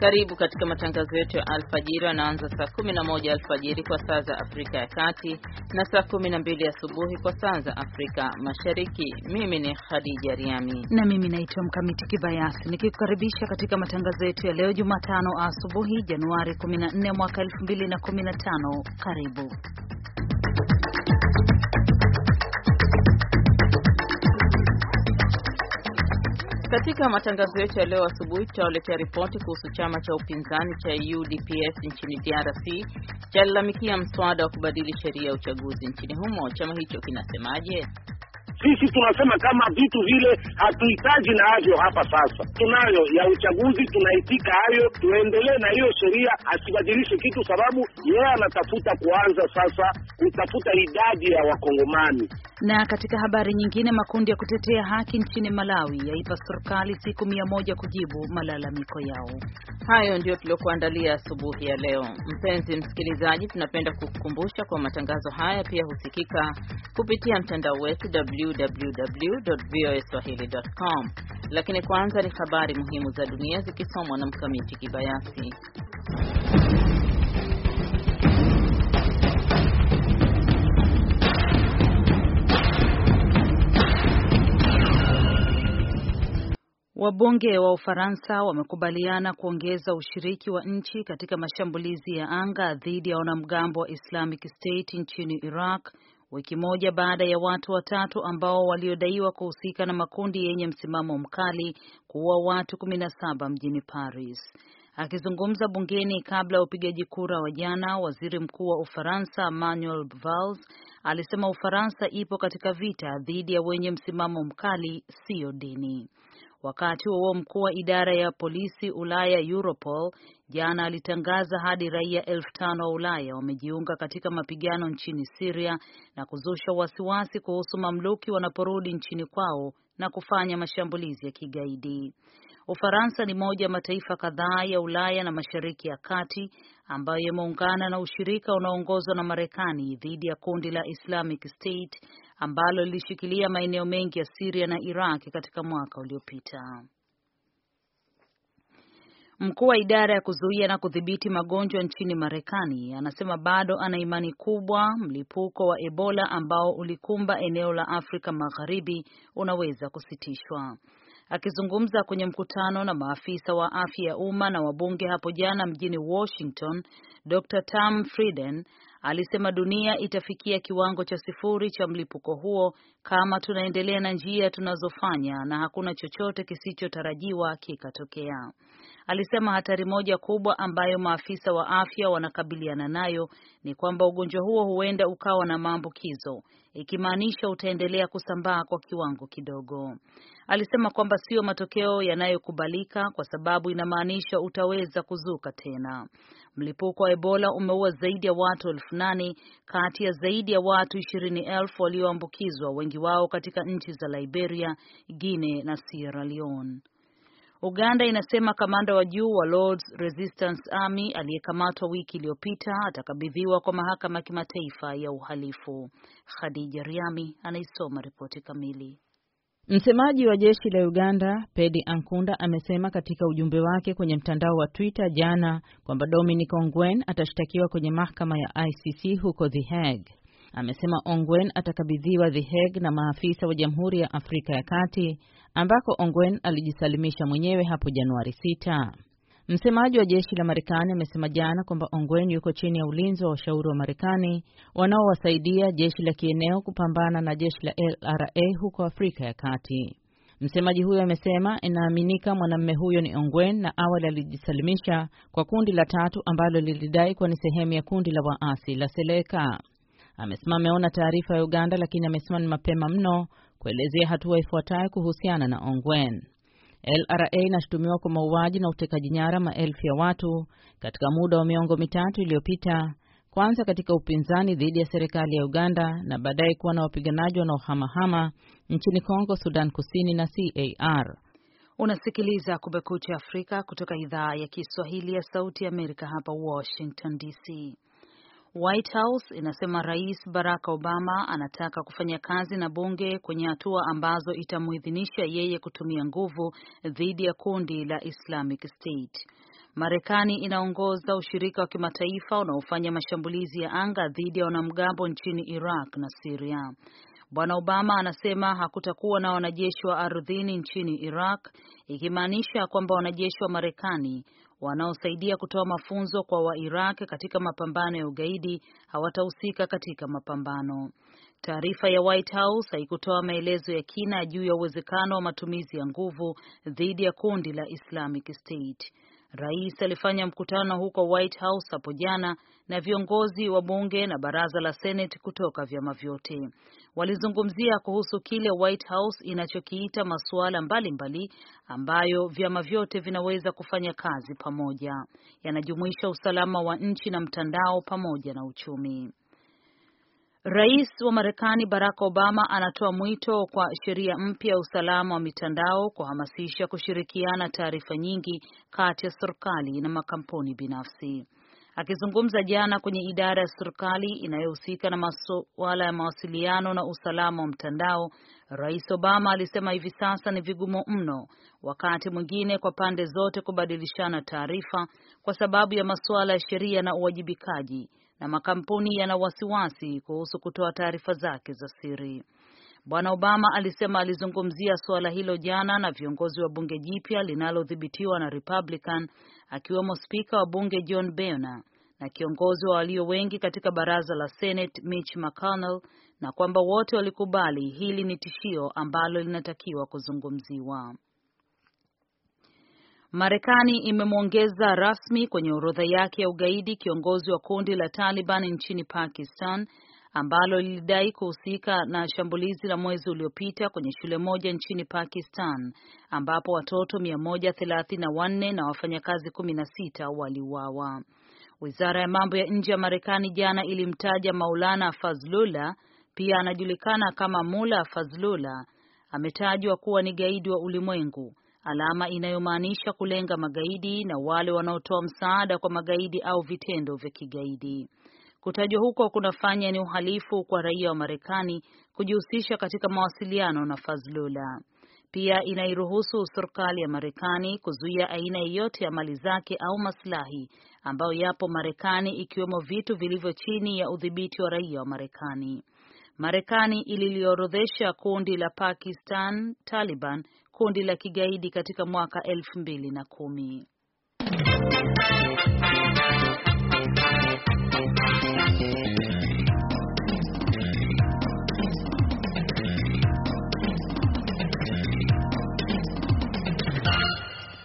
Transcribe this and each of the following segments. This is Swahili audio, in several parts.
Karibu katika matangazo yetu ya alfajiri, yanaanza saa 11 alfajiri kwa saa za Afrika ya Kati na saa 12 asubuhi kwa saa za Afrika Mashariki. Mimi ni Khadija Riami na mimi naitwa Mkamiti Kibayasi nikikukaribisha katika matangazo yetu ya leo Jumatano asubuhi, Januari 14 mwaka 2015. Karibu Katika matangazo yetu ya leo asubuhi tutawaletea ripoti kuhusu chama cha upinzani cha UDPS nchini DRC chalalamikia mswada wa kubadili sheria ya uchaguzi nchini humo. Chama hicho kinasemaje? Sisi tunasema kama vitu vile hatuhitaji navyo hapa sasa, tunayo ya uchaguzi, tunaitika hayo, tuendelee na hiyo sheria, asibadilishe kitu, sababu yeye anatafuta kuanza sasa kutafuta idadi ya Wakongomani. Na katika habari nyingine, makundi ya kutetea haki nchini Malawi yaipa serikali siku mia moja kujibu malalamiko yao. Hayo ndiyo tuliokuandalia asubuhi ya leo. Mpenzi msikilizaji, tunapenda kukukumbusha kwa matangazo haya pia husikika kupitia mtandao wetu www www.voaswahili.com. Lakini kwanza ni habari muhimu za dunia zikisomwa na Mkamiti Kibayasi. Wabunge wa Ufaransa wamekubaliana kuongeza ushiriki wa nchi katika mashambulizi ya anga dhidi ya wanamgambo wa Islamic State nchini Iraq wiki moja baada ya watu watatu ambao waliodaiwa kuhusika na makundi yenye msimamo mkali kuua watu 17 mjini Paris. Akizungumza bungeni kabla ya upigaji kura wa jana, waziri mkuu wa Ufaransa Manuel Valls alisema Ufaransa ipo katika vita dhidi ya wenye msimamo mkali, siyo dini. Wakati huo mkuu wa idara ya polisi Ulaya Europol jana alitangaza hadi raia elfu tano wa Ulaya wamejiunga katika mapigano nchini Siria na kuzusha wasiwasi kuhusu mamluki wanaporudi nchini kwao na kufanya mashambulizi ya kigaidi. Ufaransa ni moja ya mataifa kadhaa ya Ulaya na Mashariki ya Kati ambayo yameungana na ushirika unaoongozwa na Marekani dhidi ya kundi la Islamic State ambalo lilishikilia maeneo mengi ya Syria na Iraq katika mwaka uliopita. Mkuu wa idara ya kuzuia na kudhibiti magonjwa nchini Marekani anasema bado ana imani kubwa mlipuko wa Ebola ambao ulikumba eneo la Afrika Magharibi unaweza kusitishwa. Akizungumza kwenye mkutano na maafisa wa afya ya umma na wabunge hapo jana mjini Washington, Dr. Tam Frieden Alisema dunia itafikia kiwango cha sifuri cha mlipuko huo kama tunaendelea na njia tunazofanya na hakuna chochote kisichotarajiwa kikatokea. Alisema hatari moja kubwa ambayo maafisa wa afya wanakabiliana nayo ni kwamba ugonjwa huo huenda ukawa na maambukizo, ikimaanisha utaendelea kusambaa kwa kiwango kidogo. Alisema kwamba sio matokeo yanayokubalika kwa sababu inamaanisha utaweza kuzuka tena. Mlipuko wa Ebola umeua zaidi ya watu elfu nane kati ya zaidi ya watu ishirini elfu walioambukizwa, wengi wao katika nchi za Liberia, Guinea na Sierra Leone. Uganda inasema kamanda wa juu wa Lords Resistance Army aliyekamatwa wiki iliyopita atakabidhiwa kwa mahakama ya kimataifa ya uhalifu. Khadija Riami anaisoma ripoti kamili. Msemaji wa jeshi la Uganda Pedi Ankunda amesema katika ujumbe wake kwenye mtandao wa Twitter jana kwamba Dominic Ongwen atashtakiwa kwenye mahakama ya ICC huko The Hague. Amesema Ongwen atakabidhiwa The Hague na maafisa wa Jamhuri ya Afrika ya Kati ambako Ongwen alijisalimisha mwenyewe hapo Januari 6. Msemaji wa jeshi la Marekani amesema jana kwamba Ongwen yuko chini ya ulinzi wa washauri wa Marekani wanaowasaidia jeshi la kieneo kupambana na jeshi la LRA huko Afrika ya Kati. Msemaji huyo amesema inaaminika mwanamume huyo ni Ongwen na awali alijisalimisha kwa kundi la tatu ambalo lilidai kuwa ni sehemu ya kundi la waasi la Seleka. Amesema ameona taarifa ya Uganda, lakini amesema ni mapema mno kuelezea hatua ifuatayo kuhusiana na Ongwen. LRA inashutumiwa kwa mauaji na utekaji nyara maelfu ya watu katika muda wa miongo mitatu iliyopita, kwanza katika upinzani dhidi ya serikali ya Uganda na baadaye kuwa na wapiganaji wanaohamahama nchini Kongo, Sudan Kusini na CAR. Unasikiliza Kumekucha Afrika kutoka idhaa ya Kiswahili ya Sauti ya Amerika hapa Washington DC. White House inasema Rais Barack Obama anataka kufanya kazi na bunge kwenye hatua ambazo itamuidhinisha yeye kutumia nguvu dhidi ya kundi la Islamic State. Marekani inaongoza ushirika wa kimataifa unaofanya mashambulizi ya anga dhidi ya wanamgambo nchini Iraq na Syria. Bwana Obama anasema hakutakuwa na wanajeshi wa ardhini nchini Iraq, ikimaanisha kwamba wanajeshi wa Marekani wanaosaidia kutoa mafunzo kwa Wairaq katika mapambano ya ugaidi hawatahusika katika mapambano. Taarifa ya White House haikutoa maelezo ya kina juu ya uwezekano wa matumizi ya nguvu dhidi ya kundi la Islamic State. Rais alifanya mkutano huko White House hapo jana na viongozi wa bunge na baraza la Senate kutoka vyama vyote. Walizungumzia kuhusu kile White House inachokiita masuala mbalimbali ambayo vyama vyote vinaweza kufanya kazi pamoja. Yanajumuisha usalama wa nchi na mtandao pamoja na uchumi. Rais wa Marekani Barack Obama anatoa mwito kwa sheria mpya ya usalama wa mitandao kuhamasisha kushirikiana taarifa nyingi kati ya serikali na makampuni binafsi. Akizungumza jana kwenye idara ya serikali inayohusika na masuala ya mawasiliano na usalama wa mtandao, Rais Obama alisema hivi sasa ni vigumu mno wakati mwingine kwa pande zote kubadilishana taarifa kwa sababu ya masuala ya sheria na uwajibikaji na makampuni yana wasiwasi kuhusu kutoa taarifa zake za siri. Bwana Obama alisema alizungumzia suala hilo jana na viongozi wa bunge jipya linalodhibitiwa na Republican, akiwemo spika wa bunge John Boehner na kiongozi wa walio wengi katika baraza la Senate Mitch McConnell, na kwamba wote walikubali hili ni tishio ambalo linatakiwa kuzungumziwa. Marekani imemwongeza rasmi kwenye orodha yake ya ugaidi kiongozi wa kundi la Taliban nchini Pakistan ambalo lilidai kuhusika na shambulizi la mwezi uliopita kwenye shule moja nchini Pakistan ambapo watoto 134 na wafanyakazi 16 waliuawa. Wizara ya mambo ya nje ya Marekani jana ilimtaja Maulana Fazlullah, pia anajulikana kama Mula Fazlullah, ametajwa kuwa ni gaidi wa ulimwengu alama inayomaanisha kulenga magaidi na wale wanaotoa msaada kwa magaidi au vitendo vya kigaidi. Kutajwa huko kunafanya ni uhalifu kwa raia wa Marekani kujihusisha katika mawasiliano na Fazlula. Pia inairuhusu serikali ya Marekani kuzuia aina yoyote ya mali zake au maslahi ambayo yapo Marekani, ikiwemo vitu vilivyo chini ya udhibiti wa raia wa Marekani. Marekani ililiorodhesha kundi la Pakistan Taliban kundi la kigaidi katika mwaka elfu mbili na kumi.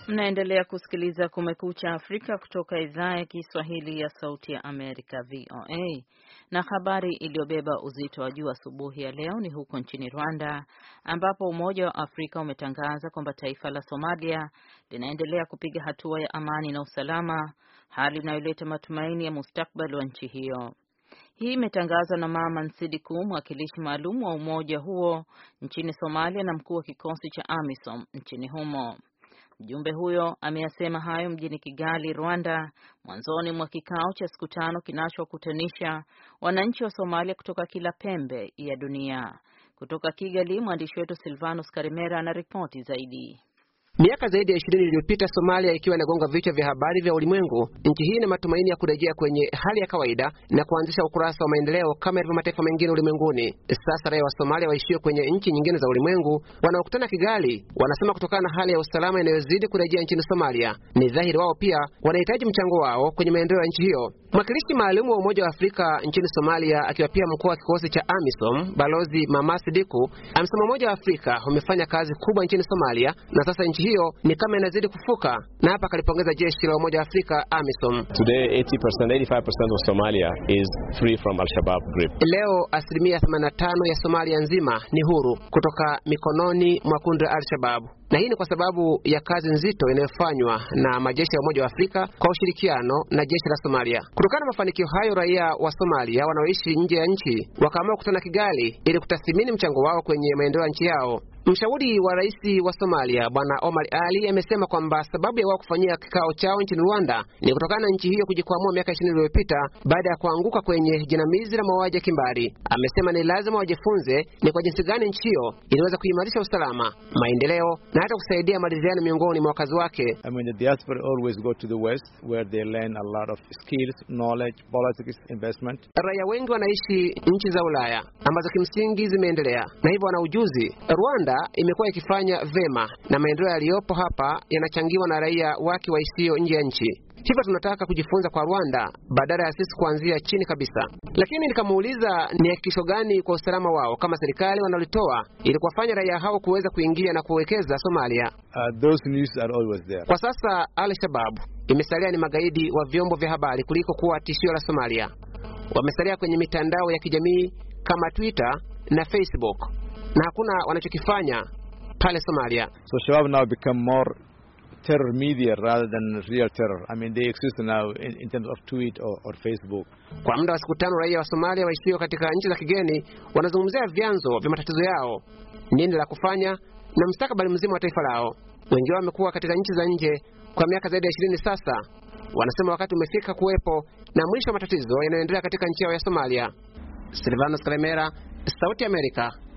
Mnaendelea kusikiliza Kumekucha Afrika kutoka idhaa ya Kiswahili ya Sauti ya Amerika, VOA. Na habari iliyobeba uzito wa juu asubuhi ya leo ni huko nchini Rwanda ambapo Umoja wa Afrika umetangaza kwamba taifa la Somalia linaendelea kupiga hatua ya amani na usalama, hali inayoleta matumaini ya mustakbali wa nchi hiyo. Hii imetangazwa na Mama Nsidiku, mwakilishi maalum wa umoja huo nchini Somalia na mkuu wa kikosi cha AMISOM nchini humo. Mjumbe huyo ameyasema hayo mjini Kigali, Rwanda, mwanzoni mwa kikao cha siku tano kinachokutanisha wananchi wa Somalia kutoka kila pembe ya dunia. Kutoka Kigali, mwandishi wetu Silvanus Karimera ana ripoti zaidi. Miaka zaidi ya ishirini iliyopita Somalia ikiwa inagonga vichwa vya habari vya ulimwengu, nchi hii ina matumaini ya kurejea kwenye hali ya kawaida na kuanzisha ukurasa wa maendeleo kama yalivyo mataifa mengine ulimwenguni. Sasa raia wa Somalia waishio kwenye nchi nyingine za ulimwengu wanaokutana Kigali wanasema kutokana na hali ya usalama inayozidi kurejea nchini Somalia, ni dhahiri wao pia wanahitaji mchango wao kwenye maendeleo ya nchi hiyo. Mwakilishi maalumu wa Umoja wa Afrika nchini Somalia, akiwa pia mkuu wa kikosi cha AMISOM, Balozi Sidiku amesema Umoja wa Afrika umefanya kazi kubwa nchini Somalia na sasa nchi nchi hiyo ni kama inazidi kufuka, na hapa akalipongeza jeshi la Umoja wa Afrika AMISOM. Today 80%, 85% of Somalia is free from Al-Shabaab grip. Leo asilimia 85 ya Somalia nzima ni huru kutoka mikononi mwa kundi la Al-Shabaab na hii ni kwa sababu ya kazi nzito inayofanywa na majeshi ya Umoja wa Afrika kwa ushirikiano na jeshi la Somalia. Kutokana na mafanikio hayo, raia wa Somalia wanaoishi nje ya nchi wakaamua kukutana Kigali ili kutathmini mchango wao kwenye maendeleo ya nchi yao. Mshauri wa rais wa Somalia Bwana Omar Ali amesema kwamba sababu ya wao kufanyia kikao chao nchini Rwanda ni kutokana na nchi hiyo kujikwamua miaka ishirini iliyopita baada ya kuanguka kwenye jinamizi la mauaji ya kimbari. Amesema ni lazima wajifunze ni kwa jinsi gani nchi hiyo iliweza kuimarisha usalama, maendeleo na hata kusaidia maridhiano miongoni mwa wakazi wake. I mean, the diaspora always go to the west where they learn a lot of skills, knowledge, politics, investment. Raia wengi wanaishi nchi za Ulaya ambazo kimsingi zimeendelea na hivyo wana ujuzi. Rwanda Uganda imekuwa ikifanya vema na maendeleo yaliyopo hapa yanachangiwa na raia wake waisio nje ya nchi. Hivyo tunataka kujifunza kwa Rwanda badala ya sisi kuanzia chini kabisa. Lakini nikamuuliza ni hakikisho gani kwa usalama wao kama serikali wanalitoa ili kuwafanya raia hao kuweza kuingia na kuwekeza Somalia. Uh, those news are always there. Kwa sasa Al-Shabaab imesalia ni magaidi wa vyombo vya habari kuliko kuwa tishio la Somalia. Wamesalia kwenye mitandao ya kijamii kama Twitter na Facebook na hakuna wanachokifanya pale Somalia. So Shabab now become more terror media rather than real terror. I mean, they exist now in, in terms of tweet or, or Facebook. Kwa muda wa siku tano raia wa Somalia waishio katika nchi za kigeni wanazungumzia vyanzo vya matatizo yao, nini la kufanya na mstakabali mzima wa taifa lao. Wengi wao wamekuwa katika nchi za nje kwa miaka zaidi ya ishirini sasa. Wanasema wakati umefika kuwepo na mwisho wa matatizo yanayoendelea katika nchi yao ya Somalia. Silvanos Kalemera, Sauti ya Amerika,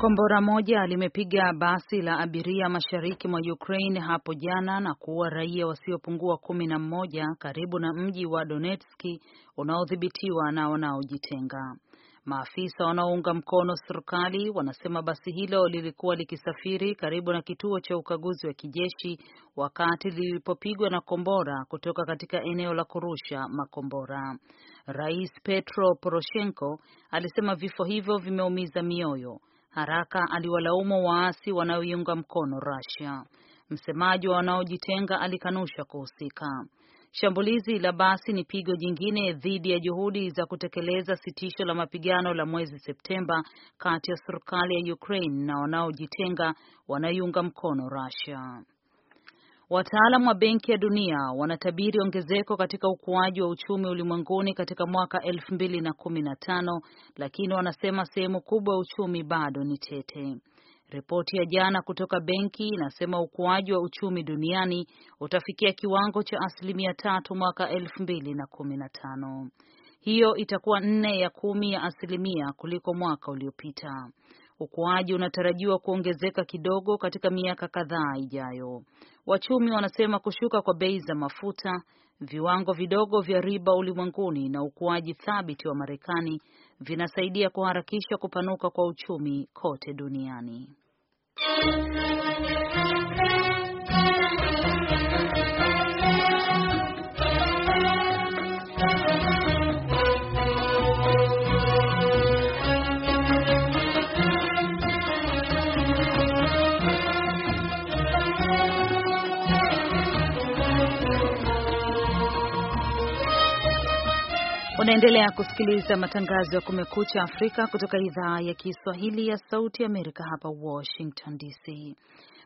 Kombora moja limepiga basi la abiria mashariki mwa Ukraine hapo jana na kuua raia wasiopungua kumi na mmoja karibu na mji wa Donetski unaodhibitiwa na wanaojitenga. Maafisa wanaounga mkono serikali wanasema basi hilo lilikuwa likisafiri karibu na kituo cha ukaguzi wa kijeshi wakati lilipopigwa na kombora kutoka katika eneo la kurusha makombora. Rais Petro Poroshenko alisema vifo hivyo vimeumiza mioyo haraka aliwalaumu waasi wanaoiunga mkono Russia. Msemaji wa wanaojitenga alikanusha kuhusika. Shambulizi la basi ni pigo jingine dhidi ya juhudi za kutekeleza sitisho la mapigano la mwezi Septemba kati ya serikali ya Ukraine na wanaojitenga wanaoiunga mkono Russia. Wataalam wa Benki ya Dunia wanatabiri ongezeko katika ukuaji wa uchumi ulimwenguni katika mwaka 2015 lakini wanasema sehemu kubwa ya uchumi bado ni tete. Ripoti ya jana kutoka benki inasema ukuaji wa uchumi duniani utafikia kiwango cha asilimia tatu mwaka 2015. Hiyo itakuwa nne ya kumi ya asilimia kuliko mwaka uliopita. Ukuaji unatarajiwa kuongezeka kidogo katika miaka kadhaa ijayo. Wachumi wanasema kushuka kwa bei za mafuta, viwango vidogo vya riba ulimwenguni na ukuaji thabiti wa Marekani vinasaidia kuharakisha kupanuka kwa uchumi kote duniani. Unaendelea kusikiliza matangazo ya Kumekucha Afrika kutoka idhaa ya Kiswahili ya Sauti Amerika, hapa Washington DC.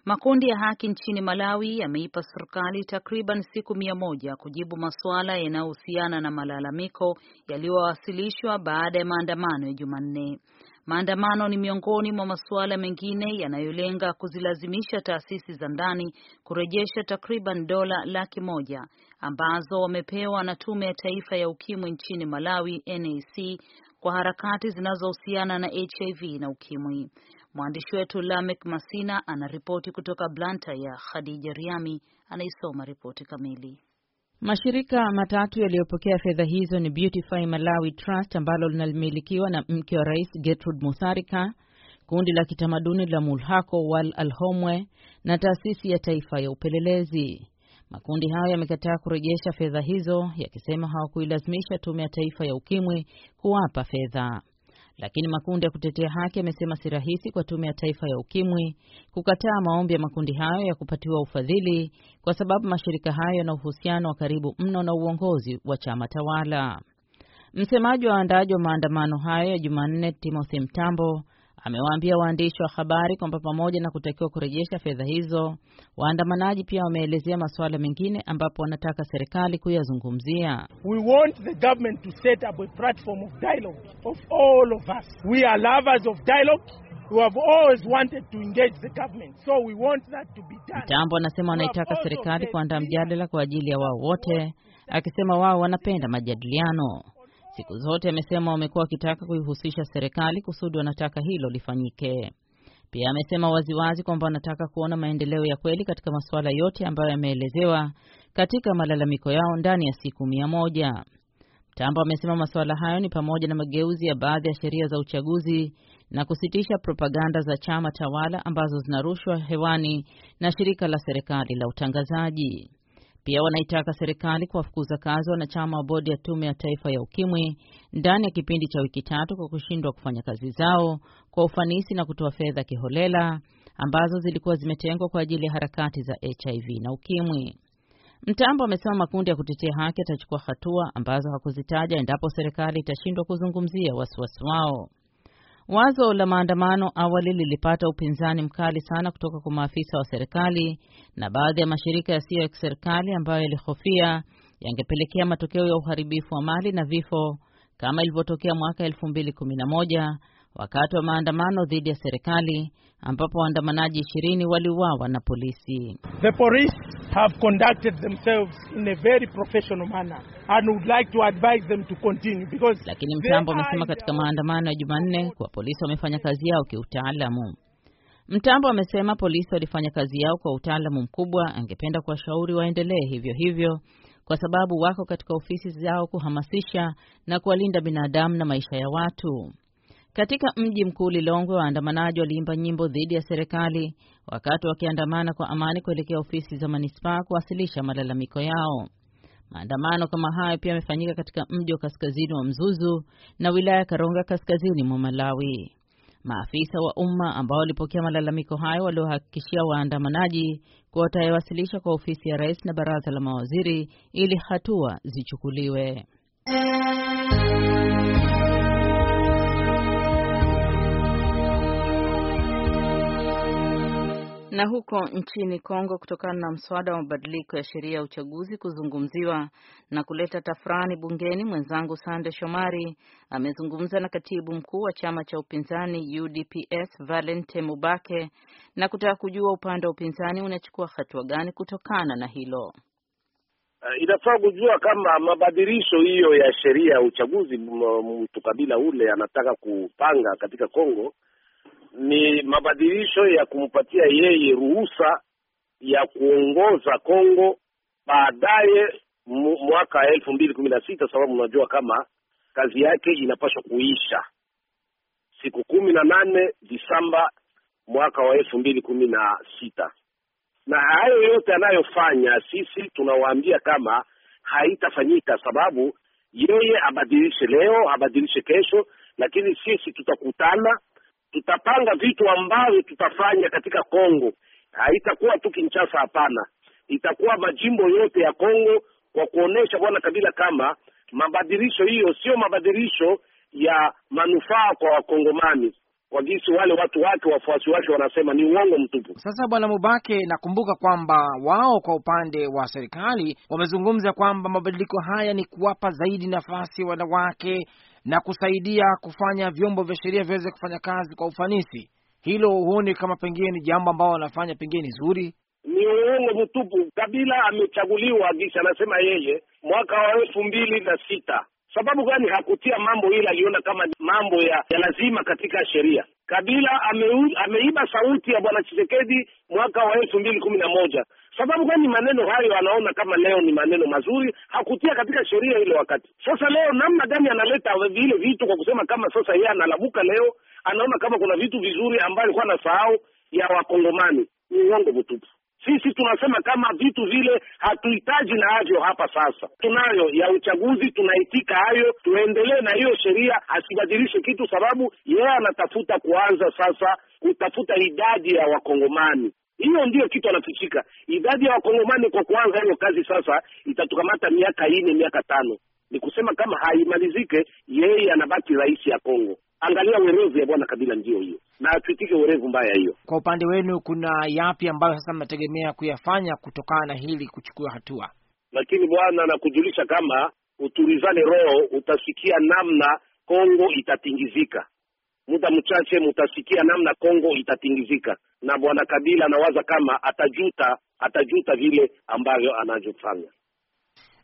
Makundi ya haki nchini Malawi yameipa serikali takriban siku mia moja kujibu masuala yanayohusiana na malalamiko yaliyowasilishwa baada ya maandamano ya Jumanne. Maandamano ni miongoni mwa masuala mengine yanayolenga kuzilazimisha taasisi za ndani kurejesha takriban dola laki moja ambazo wamepewa na Tume ya Taifa ya Ukimwi nchini Malawi NAC kwa harakati zinazohusiana na HIV na ukimwi. Mwandishi wetu Lamek Masina anaripoti kutoka Blanta ya Khadija Riami anaisoma ripoti kamili. Mashirika matatu yaliyopokea fedha hizo ni Beautify Malawi Trust ambalo linamilikiwa na mke wa rais Gertrude Mutharika, kundi la kitamaduni la Mulhako Wal Alhomwe na taasisi ya taifa ya upelelezi. Makundi hayo yamekataa kurejesha fedha hizo yakisema hawakuilazimisha tume ya taifa ya ukimwi kuwapa fedha. Lakini makundi ya kutetea haki yamesema si rahisi kwa Tume ya Taifa ya Ukimwi kukataa maombi ya makundi hayo ya kupatiwa ufadhili kwa sababu mashirika hayo yana uhusiano wa karibu mno na uongozi wa chama tawala. Msemaji wa waandaaji wa maandamano hayo ya Jumanne, Timothy Mtambo, Amewaambia waandishi wa habari kwamba pamoja na kutakiwa kurejesha fedha hizo, waandamanaji pia wameelezea masuala mengine ambapo wanataka serikali kuyazungumzia. We want the government to set up a platform of dialogue of all of us. We are lovers of dialogue. Mtambo anasema wanaitaka serikali kuandaa mjadala kwa ajili ya wao wote, akisema wao wanapenda majadiliano. Siku zote amesema wamekuwa wakitaka kuihusisha serikali kusudi wanataka hilo lifanyike. Pia amesema waziwazi kwamba wanataka kuona maendeleo ya kweli katika masuala yote ambayo yameelezewa katika malalamiko yao ndani ya siku mia moja. Mtambo amesema masuala hayo ni pamoja na mageuzi ya baadhi ya sheria za uchaguzi na kusitisha propaganda za chama tawala ambazo zinarushwa hewani na shirika la serikali la utangazaji. Pia wanaitaka serikali kuwafukuza kazi wanachama wa bodi ya tume ya taifa ya ukimwi ndani ya kipindi cha wiki tatu kwa kushindwa kufanya kazi zao kwa ufanisi na kutoa fedha kiholela ambazo zilikuwa zimetengwa kwa ajili ya harakati za HIV na ukimwi. Mtambo amesema makundi ya kutetea haki yatachukua hatua ambazo hakuzitaja endapo serikali itashindwa kuzungumzia wasiwasi wao. Wazo la maandamano awali lilipata upinzani mkali sana kutoka kwa maafisa wa serikali na baadhi ya mashirika yasiyo ya kiserikali ambayo yalihofia yangepelekea matokeo ya uharibifu wa mali na vifo kama ilivyotokea mwaka 2011 wakati wa maandamano dhidi ya serikali ambapo waandamanaji ishirini waliuawa na polisi. The police have conducted themselves in a very professional manner and would like to advise them to continue because. Lakini Mtambo amesema katika maandamano ya Jumanne kuwa polisi wamefanya kazi yao kiutaalamu. Mtambo amesema polisi walifanya kazi yao kwa utaalamu mkubwa. Angependa kuwashauri waendelee hivyo hivyo kwa sababu wako katika ofisi zao kuhamasisha na kuwalinda binadamu na maisha ya watu. Katika mji mkuu Lilongwe, waandamanaji waliimba nyimbo dhidi ya serikali wakati wakiandamana kwa amani kuelekea ofisi za manispaa kuwasilisha malalamiko yao. Maandamano kama hayo pia yamefanyika katika mji wa kaskazini wa Mzuzu na wilaya ya Karonga kaskazini mwa Malawi. Maafisa wa umma ambao walipokea malalamiko hayo waliohakikishia waandamanaji kuwa watayawasilisha kwa ofisi ya rais na baraza la mawaziri ili hatua zichukuliwe. Na huko nchini Kongo, kutokana na mswada wa mabadiliko ya sheria ya uchaguzi kuzungumziwa na kuleta tafrani bungeni, mwenzangu Sande Shomari amezungumza na katibu mkuu wa chama cha upinzani UDPS Valente Mubake na kutaka kujua upande wa upinzani unachukua hatua gani kutokana na hilo. Uh, inafaa kujua kama mabadilisho hiyo ya sheria ya uchaguzi mtukabila ule anataka kupanga katika Kongo ni mabadilisho ya kumpatia yeye ruhusa ya kuongoza Kongo baadaye mwaka elfu mbili kumi na sita sababu unajua kama kazi yake inapaswa kuisha siku kumi na nane Disamba mwaka wa elfu mbili kumi na sita na hayo yote anayofanya, sisi tunawaambia kama haitafanyika, sababu yeye abadilishe leo abadilishe kesho, lakini sisi tutakutana tutapanga vitu ambavyo tutafanya katika Kongo. Haitakuwa tu Kinshasa, hapana, itakuwa majimbo yote ya Kongo, kwa kuonesha bwana Kabila kama mabadilisho hiyo sio mabadilisho ya manufaa kwa Wakongomani kwa jinsi wale watu wake wafuasi wake wanasema ni uongo mtupu. Sasa bwana Mubake, nakumbuka kwamba wao kwa upande wa serikali wamezungumza kwamba mabadiliko haya ni kuwapa zaidi nafasi wanawake na kusaidia kufanya vyombo vya sheria viweze kufanya kazi kwa ufanisi. Hilo huoni kama pengine ni jambo ambao wanafanya pengine ni zuri? Ni uongo mtupu. Kabila amechaguliwa kisha anasema yeye mwaka wa elfu mbili na sita. Sababu gani hakutia mambo ile? Aliona kama mambo ya, ya lazima katika sheria. Kabila ameiba sauti ya bwana Chisekedi mwaka wa elfu mbili kumi na moja sababu kwani maneno hayo anaona kama leo ni maneno mazuri, hakutia katika sheria ile wakati. Sasa leo namna gani analeta vile vitu kwa kusema kama sasa yeye analabuka leo, anaona kama kuna vitu vizuri ambayo alikuwa sahau ya Wakongomani, ni uongo mtupu. Sisi tunasema kama vitu vile hatuhitaji na avyo hapa sasa. Tunayo ya uchaguzi, tunaitika hayo, tuendelee na hiyo sheria, asibadilishe kitu, sababu yeye anatafuta kuanza sasa kutafuta idadi ya Wakongomani. Hiyo ndiyo kitu anafichika. Idadi ya wakongomani kwa kuanza hiyo kazi sasa itatukamata miaka ine miaka tano. Ni kusema kama haimalizike, yeye anabaki rais ya Kongo. Angalia uerevu ya bwana Kabila ndio hiyo, na atwitike uerevu mbaya hiyo. Kwa upande wenu, kuna yapi ambayo sasa mnategemea kuyafanya kutokana na hili kuchukua hatua? Lakini bwana nakujulisha kama uturizane roho, utasikia namna Kongo itatingizika muda mchache mutasikia namna Kongo itatingizika, na bwana Kabila anawaza kama atajuta, atajuta vile ambavyo anavyofanya.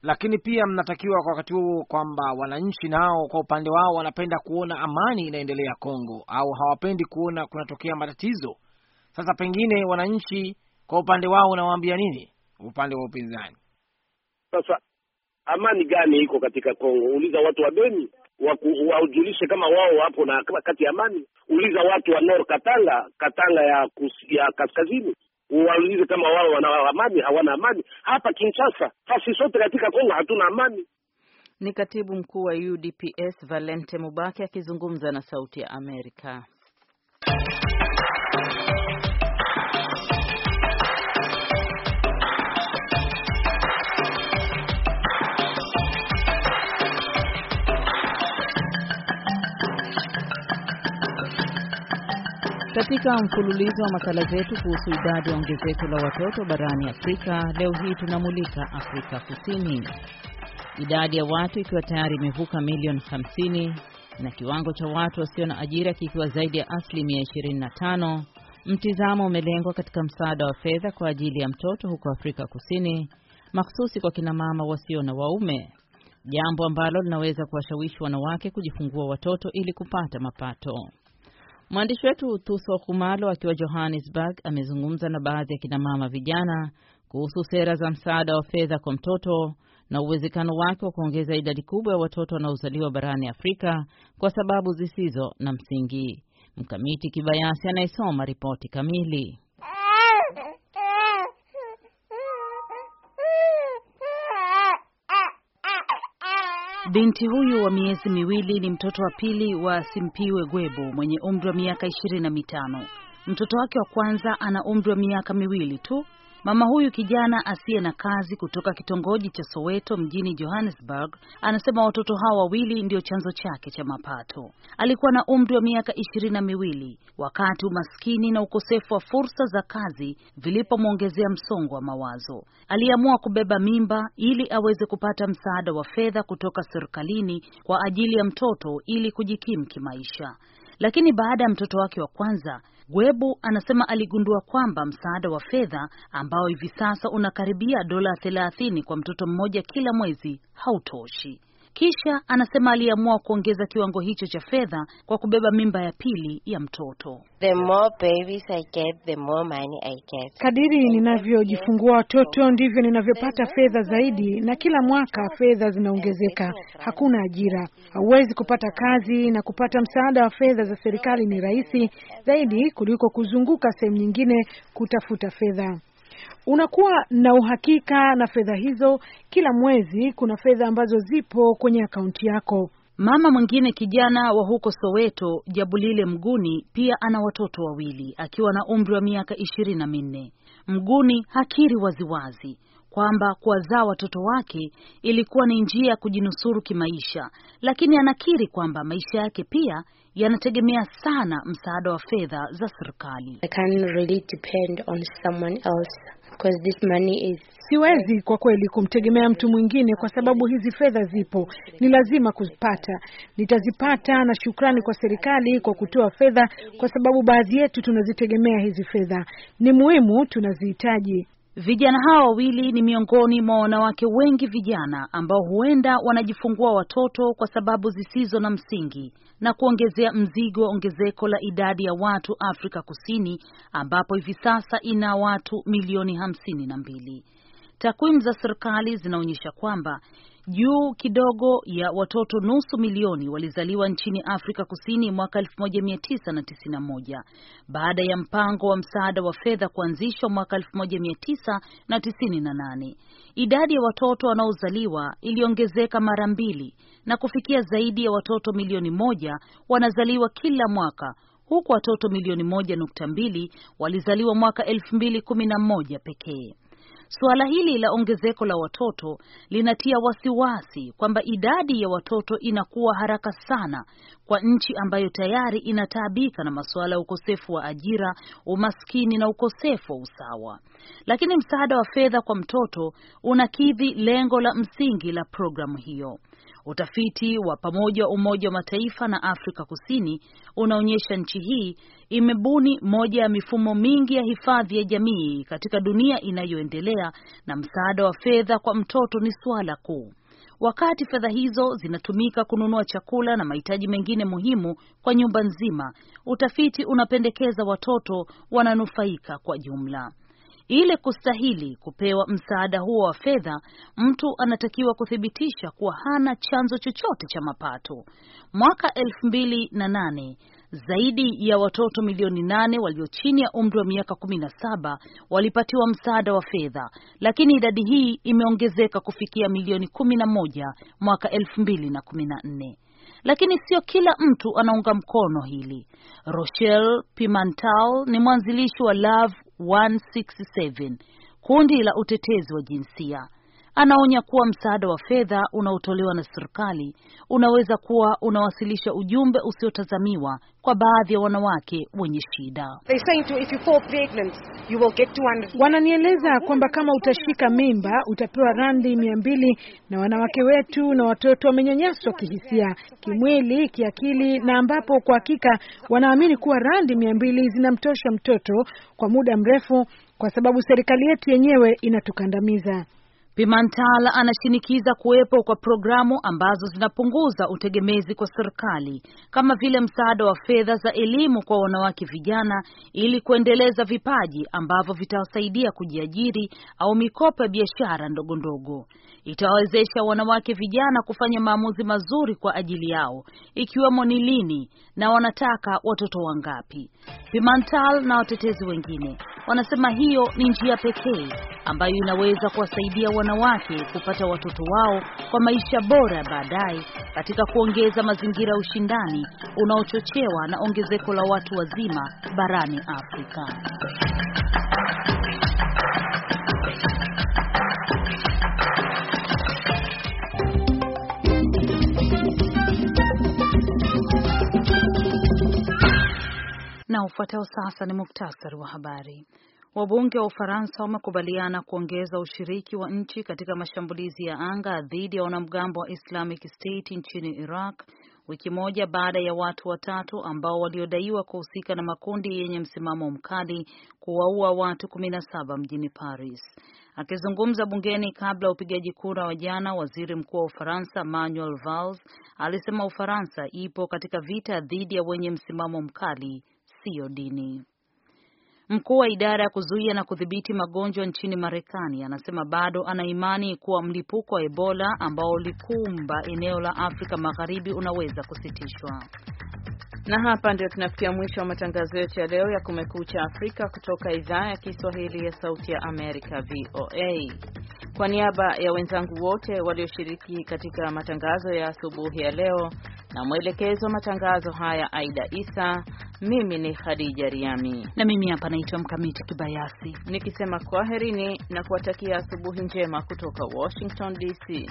Lakini pia mnatakiwa kwa wakati huo kwamba wananchi nao kwa upande wao wanapenda kuona amani inaendelea Kongo, au hawapendi kuona kunatokea matatizo. Sasa pengine wananchi kwa upande wao unawaambia nini, upande wa upinzani? Sasa amani gani iko katika Kongo? Uliza watu wa Beni, waujulishe kama wao wapo na kati ya amani. Uliza watu wa Nor Katanga, Katanga ya, kus, ya kaskazini waulize kama wao wana amani, hawana amani. Hapa Kinshasa, fasi sote katika Kongo hatuna amani. Ni katibu mkuu wa UDPS Valente Mubake akizungumza na Sauti ya Amerika. Katika mfululizo wa makala zetu kuhusu idadi ya ongezeko la watoto barani Afrika, leo hii tunamulika Afrika Kusini, idadi ya watu ikiwa tayari imevuka milioni 50 na kiwango cha watu wasio na ajira kikiwa zaidi ya asilimia 25. Mtizamo umelengwa katika msaada wa fedha kwa ajili ya mtoto huko Afrika Kusini, mahususi kwa kinamama wasio na waume, jambo ambalo linaweza kuwashawishi wanawake kujifungua watoto ili kupata mapato. Mwandishi wetu Thuso kumalo akiwa Johannesburg amezungumza na baadhi ya kinamama vijana kuhusu sera za msaada wa fedha kwa mtoto na uwezekano wake wa kuongeza idadi kubwa ya watoto wanaozaliwa barani Afrika kwa sababu zisizo na msingi. Mkamiti Kibayasi anayesoma ripoti kamili. Binti huyu wa miezi miwili ni mtoto wa pili wa Simpiwe Gwebo mwenye umri wa miaka ishirini na mitano. Mtoto wake wa kwanza ana umri wa miaka miwili tu Mama huyu kijana asiye na kazi kutoka kitongoji cha Soweto mjini Johannesburg anasema watoto hawa wawili ndio chanzo chake cha mapato. Alikuwa na umri wa miaka ishirini na miwili wakati umaskini na ukosefu wa fursa za kazi vilipomwongezea msongo wa mawazo. Aliamua kubeba mimba ili aweze kupata msaada wa fedha kutoka serikalini kwa ajili ya mtoto ili kujikimu kimaisha. Lakini baada ya mtoto wake wa kwanza Gwebu anasema aligundua kwamba msaada wa fedha ambao hivi sasa unakaribia dola 30 kwa mtoto mmoja kila mwezi hautoshi. Kisha anasema aliamua kuongeza kiwango hicho cha fedha kwa kubeba mimba ya pili ya mtoto. The more babies I get, the more money I get. Kadiri ninavyojifungua watoto ndivyo ninavyopata fedha zaidi, na kila mwaka fedha zinaongezeka. Hakuna ajira, hauwezi kupata kazi, na kupata msaada wa fedha za serikali ni rahisi zaidi kuliko kuzunguka sehemu nyingine kutafuta fedha unakuwa na uhakika na fedha hizo. Kila mwezi kuna fedha ambazo zipo kwenye akaunti yako. Mama mwingine kijana wa huko Soweto, Jabulile Mguni, pia ana watoto wawili akiwa na umri wa miaka ishirini na minne. Mguni hakiri waziwazi kwamba kuwazaa watoto wake ilikuwa ni njia ya kujinusuru kimaisha, lakini anakiri kwamba maisha yake pia yanategemea sana msaada wa fedha za serikali. Siwezi kwa kweli kumtegemea mtu mwingine kwa sababu hizi fedha zipo, ni lazima kuzipata. Nitazipata, na shukrani kwa serikali kwa kutoa fedha, kwa sababu baadhi yetu tunazitegemea hizi fedha, ni muhimu, tunazihitaji. Vijana hawa wawili ni miongoni mwa wanawake wengi vijana ambao huenda wanajifungua watoto kwa sababu zisizo na msingi na kuongezea mzigo wa ongezeko la idadi ya watu Afrika Kusini ambapo hivi sasa ina watu milioni hamsini na mbili. Takwimu za serikali zinaonyesha kwamba juu kidogo ya watoto nusu milioni walizaliwa nchini Afrika Kusini mwaka 1991 baada ya mpango wa msaada wa fedha kuanzishwa mwaka 1998. Idadi ya watoto wanaozaliwa iliongezeka mara mbili na kufikia zaidi ya watoto milioni moja wanazaliwa kila mwaka huku watoto milioni moja nukta mbili walizaliwa mwaka 2011 pekee. Suala hili la ongezeko la watoto linatia wasiwasi kwamba idadi ya watoto inakuwa haraka sana kwa nchi ambayo tayari inataabika na masuala ya ukosefu wa ajira, umaskini na ukosefu wa usawa. Lakini msaada wa fedha kwa mtoto unakidhi lengo la msingi la programu hiyo. Utafiti wa pamoja wa Umoja wa Mataifa na Afrika Kusini unaonyesha nchi hii imebuni moja ya mifumo mingi ya hifadhi ya jamii katika dunia inayoendelea, na msaada wa fedha kwa mtoto ni suala kuu. Wakati fedha hizo zinatumika kununua chakula na mahitaji mengine muhimu kwa nyumba nzima, utafiti unapendekeza watoto wananufaika kwa jumla. Ile kustahili kupewa msaada huo wa fedha, mtu anatakiwa kuthibitisha kuwa hana chanzo chochote cha mapato. Mwaka elfu mbili na nane zaidi ya watoto milioni nane walio chini ya umri wa miaka kumi na saba walipatiwa msaada wa fedha, lakini idadi hii imeongezeka kufikia milioni kumi na moja mwaka elfu mbili na kumi na nne lakini sio kila mtu anaunga mkono hili. Rochelle Pimentel ni mwanzilishi wa Love 167, kundi la utetezi wa jinsia. Anaonya kuwa msaada wa fedha unaotolewa na serikali unaweza kuwa unawasilisha ujumbe usiotazamiwa kwa baadhi ya wanawake wenye shida. Wananieleza kwamba kama utashika mimba utapewa randi mia mbili, na wanawake wetu na watoto wamenyanyaswa kihisia, kimwili, kiakili, na ambapo kwa hakika wanaamini kuwa randi mia mbili zinamtosha mtoto kwa muda mrefu, kwa sababu serikali yetu yenyewe inatukandamiza. Pimantel anashinikiza kuwepo kwa programu ambazo zinapunguza utegemezi kwa serikali kama vile msaada wa fedha za elimu kwa wanawake vijana ili kuendeleza vipaji ambavyo vitawasaidia kujiajiri au mikopo ya biashara ndogo ndogo. Itawawezesha wanawake vijana kufanya maamuzi mazuri kwa ajili yao ikiwemo ni lini na wanataka watoto wangapi. Pimantal na watetezi wengine wanasema hiyo ni njia pekee ambayo inaweza kuwasaidia wanawake kupata watoto wao kwa maisha bora ya baadaye katika kuongeza mazingira ya ushindani unaochochewa na ongezeko la watu wazima barani Afrika. Na ufuatao sasa ni muktasari wa habari. Wabunge wa Ufaransa wamekubaliana kuongeza ushiriki wa nchi katika mashambulizi ya anga dhidi ya wanamgambo wa Islamic State nchini Iraq wiki moja baada ya watu watatu ambao waliodaiwa kuhusika na makundi yenye msimamo mkali kuwaua watu 17 mjini Paris. Akizungumza bungeni kabla ya upigaji kura wa jana, waziri mkuu wa Ufaransa Manuel Valls alisema Ufaransa ipo katika vita dhidi ya wenye msimamo mkali, siyo dini. Mkuu wa idara ya kuzuia na kudhibiti magonjwa nchini Marekani anasema bado ana imani kuwa mlipuko wa Ebola ambao ulikumba eneo la Afrika Magharibi unaweza kusitishwa. Na hapa ndio tunafikia mwisho wa matangazo yetu ya leo ya Kumekucha Afrika kutoka idhaa ya Kiswahili ya Sauti ya Amerika, VOA. Kwa niaba ya wenzangu wote walioshiriki katika matangazo ya asubuhi ya leo, na mwelekezo wa matangazo haya Aida Isa. Mimi ni Khadija Riami na mimi hapa naitwa Mkamiti Kibayasi, nikisema kwaherini na kuwatakia asubuhi njema kutoka Washington DC.